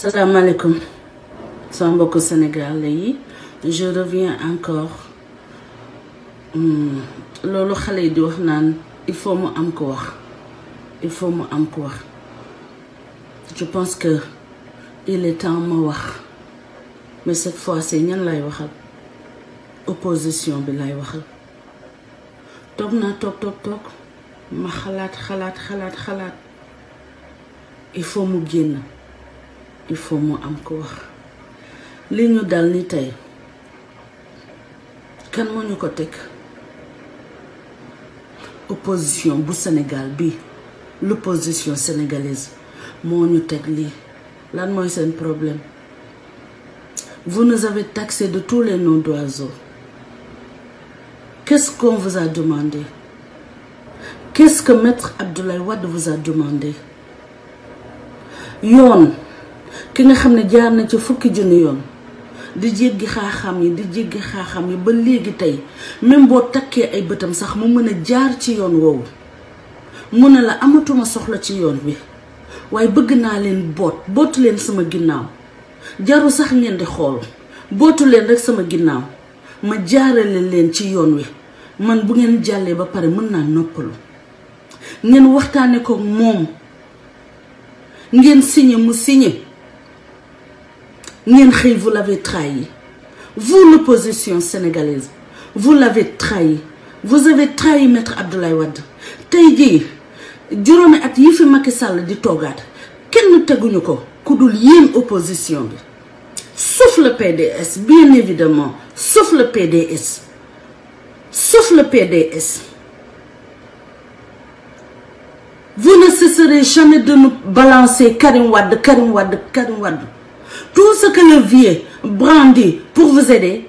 salaamaaleykum Salam mbokku Sénégal yi je reviens encore hmm, loolu xale yi di wax naan il faut mu am ko wax il faut mu am ko wax je pense que il est en ma wax mais cette fois-ci ñan lay waxal opposition bi lay waxal toog naa toog toog toog ma xalaat xalaat xalaat xalaat il faut mu génn il faut moi encore. Ligne dans Quand dal opposition Sénégal l'opposition sénégalaise moo ñu là, problème vous nous avez taxé de tous les noms d'oiseaux qu'est-ce qu'on vous a demandé qu'est-ce que maître Abdoulaye Wad vous a demandé Yon, ki nga xam ne jaar na ci fukki junni yoon di jéggi xaaxam yi di jéggi xaaxam yi ba léegi tey même boo takkee ay bëtam sax mu mën a jaar ci yoon woowu mu ne la amatuma soxla ci yoon wi waaye bëgg naa leen boot bootu leen sama ginnaaw jaru sax ngeen di xool bootu leen rek sama ginnaaw ma jaarale leen ci yoon wi man bu ngeen jàllee ba pare mën naa noppalu ngeen waxtaane ko moom ngeen signé mu signé vous l'avez trahi vous l'opposition sénégalaise vous l'avez trahi vous avez trahi maître Abdoulaye Wade tey jii juróomi fi Togad, Sall di toogaat kenn opposition sauf le PDS bien évidemment sauf le PDS sauf le PDS vous ne cesserez jamais de nous balancer Karim Wade Karim Wade Karim Wade tout ce que le vieux brandit pour vous aider,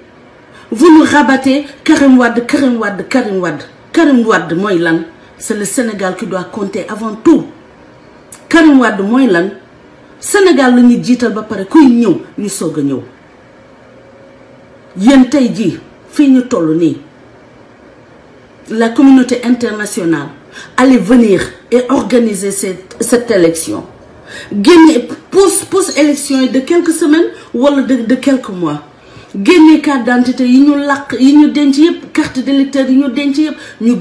vous nous rabattez Karim Wad, Karim Wad, Karim Wad. Karim Wad, Moïlan, c'est le Sénégal qui doit compter avant tout. Karim Wad, Moïlan, Sénégal, nous sommes venus. nous Nusogagnou. Yen Taïdi, Fini Toloni, la communauté internationale allait venir et organiser cette élection. Gagner, post élection de quelques semaines ou de de quelques mois gagner carte d'identité yi ñu làq yi ñu denc carte d'électeur yi ñu denc yépp ñu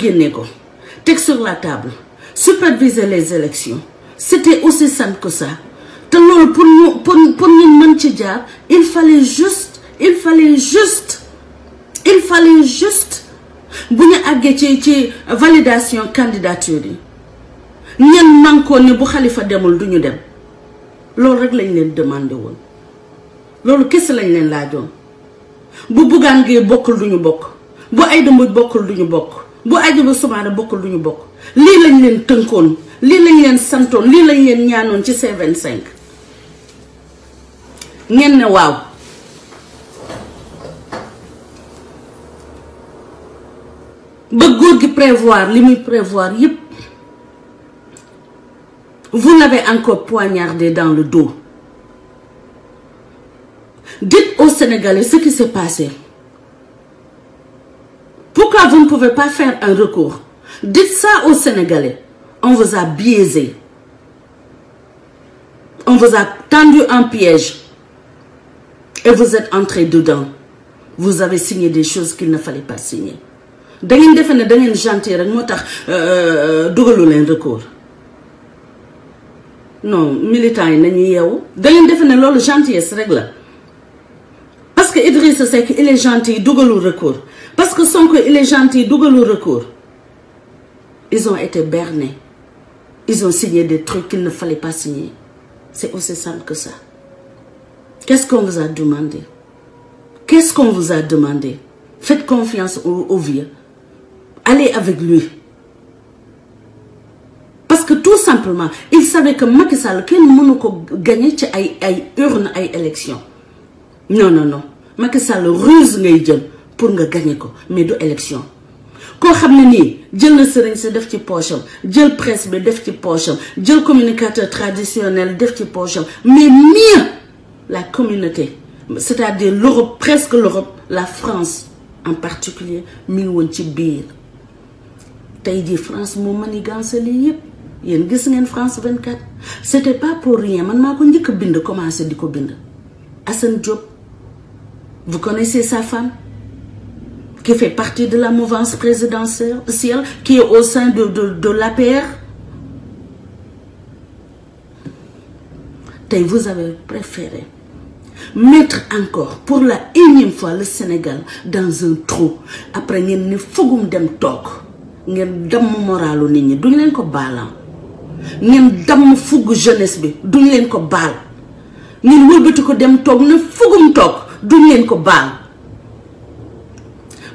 sur la table superviser les élections c'était aussi simple que ça te pour nous, pour pour nous, il fallait juste il fallait juste il fallait juste buñu aggé ci validation candidature mànkoon ni bu xalifa demul duñu dem loolu lañ leen demandé woon loolu kese lañ leen laajoon bu buggaan bokkul duñu bokk bu ay dëmb bokkul duñu bokk bu ajuba sumaare bokkul duñu bokk lii lañ leen tënkoon lii lañ leen santoon lii lañ leen ñaanoon ci c cinq ngeen ne waaw ba góor gi prévoir li muy prévoir yépp Vous l'avez encore poignardé dans le dos. Dites aux Sénégalais ce qui s'est passé. Pourquoi vous ne pouvez pas faire un recours Dites ça aux Sénégalais. On vous a biaisé. On vous a tendu un piège. Et vous êtes entré dedans. Vous avez signé des choses qu'il ne fallait pas signer. Vous gentil euh, recours non militant. yi nañu yeewu da ngeen defe ne loolu gentillesse parce que Idrissa Seck il est gentil dougalou recours parce que Sonko il est gentil le recours ils ont été bernés ils ont signé des trucs qu'il ne fallait pas signer c'est aussi simple que ça qu'est-ce qu'on vous a demandé qu'est-ce qu'on vous a demandé faites confiance au, au vieux allez avec lui simplement il savait que Macky Sall kenn mënu ko gagner ci ay ay urne ay élection non non non Macky Sall ruse les jël pour nga gagner ko mais deux élection Ko xamné ni nii jël na sëriñ se def ci pocham jël presse bi def ci pocham jël communicateur traditionnel def ci mais mieux la communauté c'est-à-dire l'Europe presque l'Europe la France en particulier mi won ci biir tay di France moo manigancé lii yépp yéen gis ngeen France 24 c'était pas pour rien man mako bind commencé diko Diop vous connaissez sa femme qui fait partie de la mouvance présidentielle qui est au sein de de l'APR vous avez préféré mettre encore pour la énième fois le Sénégal dans un trou après une' ni damm fugu jeunesse bi duñ leen ko ni ngeen wëlbati ko dem tok na fugum tok duñ leen ko bal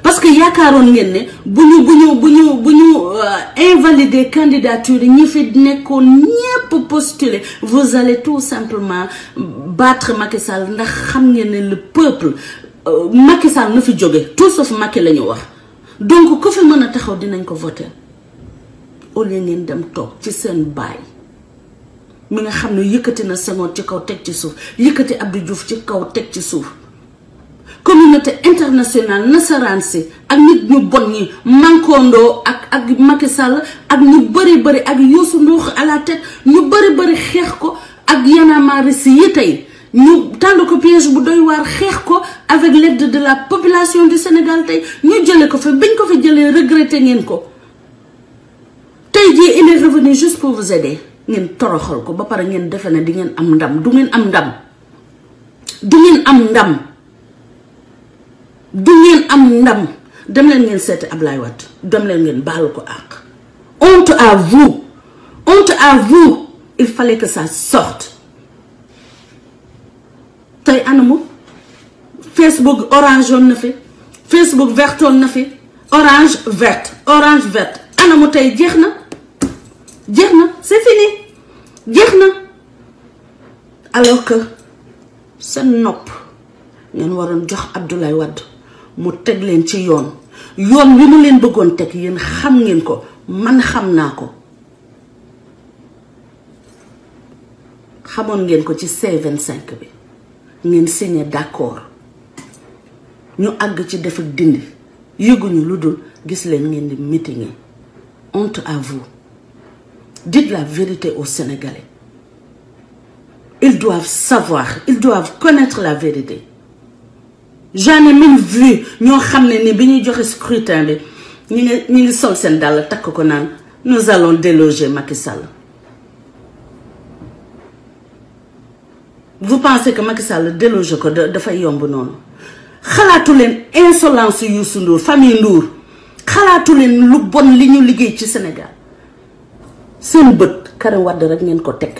parce que yaakaaroon ngeen ne buñu buñu buñu ñu euh, invalider candidature ñi fi nekkoon ñépp postuler vous allez tout simplement battre Macky Sall ndax xam ngeen ne le peuple euh, Macky Sall na fi jóge tout sauf Macky la ñu wax donc ku fi mën a taxaw dinañ ko voter au ngeen dem toog ci seen baay mi nga xam ne yëkkati na Senghor ci kaw teg ci suuf yëkkati di Diouf ci kaw teg ci suuf communauté internationale nasaraan si ak nit ñu bon ñi mànkoondoo ak ak Macky ak ñu bëri bëri ak Youssou Ndour à ñu bëri bëri xeex ko ak Y'en a marre si yi tey ñu tànd ko piège bu doy waar xeex ko avec l'aide de la population du Sénégal tey ñu jële ko fa bañ ko fa jëlee regretté ngeen ko il est revenu juste pour vous aider toroxal ko ba di am ndam du am ndam Vous am ndam du am ndam ko honte à vous honte à vous il fallait que ça sorte Facebook orange jaune, na fi Facebook vert, na orange vert. orange vert. jeex na c'est fini jeex na alors seen nopp ngeen waroon jox Abdoulaye wadd mu teg leen ci yoon yoon wi mu leen bëggoon teg yéen xam ngeen ko man xam naa ko xamoon ngeen ko ci seven 25 bi ngeen signé d'accord ñu àgg ci def dindi yëguñu lu dul gis leen ngeen di meeting honte à vous Dites la vérité aux Sénégalais. Ils doivent savoir, ils doivent connaître la vérité. J'en ai même vu, nous avons que nous scrutin, nous sommes dans nous allons déloger Macky Sall. Vous pensez que Macky Sall déloge ko dafa yomb non xalaatu insolence Youssou Ndour famille Ndour xalaatu le lu bon li ñu Sénégal seen bët Karim Wade rek ngeen ko teg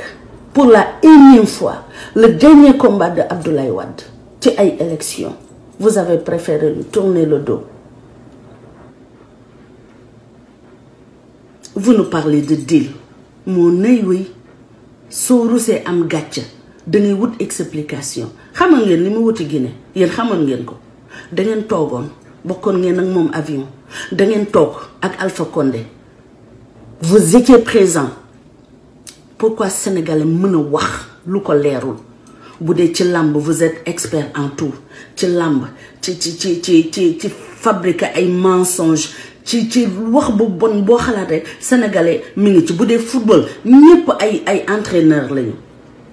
pour la une fois le dernier combat de Abdoulaye Wade ci ay élections vous avez préféré lui tourner le dos vous nous parlez de deal Mon nay oui soo rusee am gàcce dangay wut explication xamal ngeen li mu wuti Guinée yéen xamal ngeen ko dangeen toogoon bokkoon ngeen ak moom avion dangeen toog ak Alpha Condé vous étiez présent pourquoi sénégalais ne a pas dire ko qu'il bu vous êtes expert en tout ci làmb ci ci ci ci ci ci fabriquer ay mensonges ci ci wax bu bon bo sénégalais mi ci football ñepp ay ay entraîneur lañu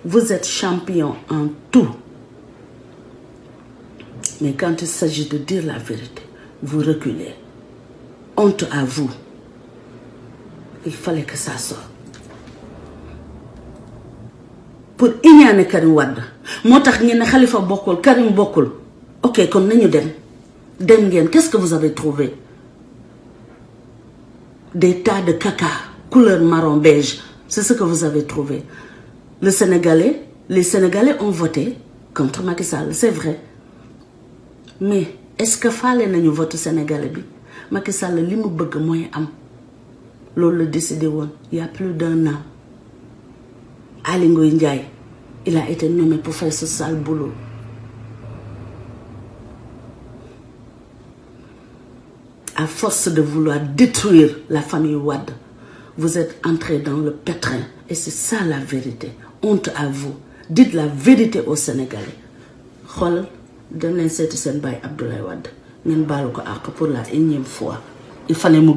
vous êtes champion en tout mais quand il s'agit de dire la vérité vous reculez honte à vous il fallait que ça sorte pour une Karim Wade motax ñene Khalifa bokkul Karim bokkul ok kon nañu dem dem qu'est-ce que vous avez trouvé des tas de caca couleur marron beige c'est ce que vous avez trouvé Sénégalais les Sénégalais ont voté contre Macky Sall c'est vrai mais est-ce que nous nañu vote Sénégalais bi Macky Sall li mu bëgg moy am loolu le décidé il y a plus d'un an Alingo Ndiaye il a été nommé pour faire ce sale boulot à force de vouloir détruire la famille Wade vous êtes entré dans le pétrin et c'est ça la vérité honte à vous dites la vérité aux Sénégalais Khol, donnez cette seeti seen Abdoulaye Wade ngeen baalu ko pour la énième fois il fallait mu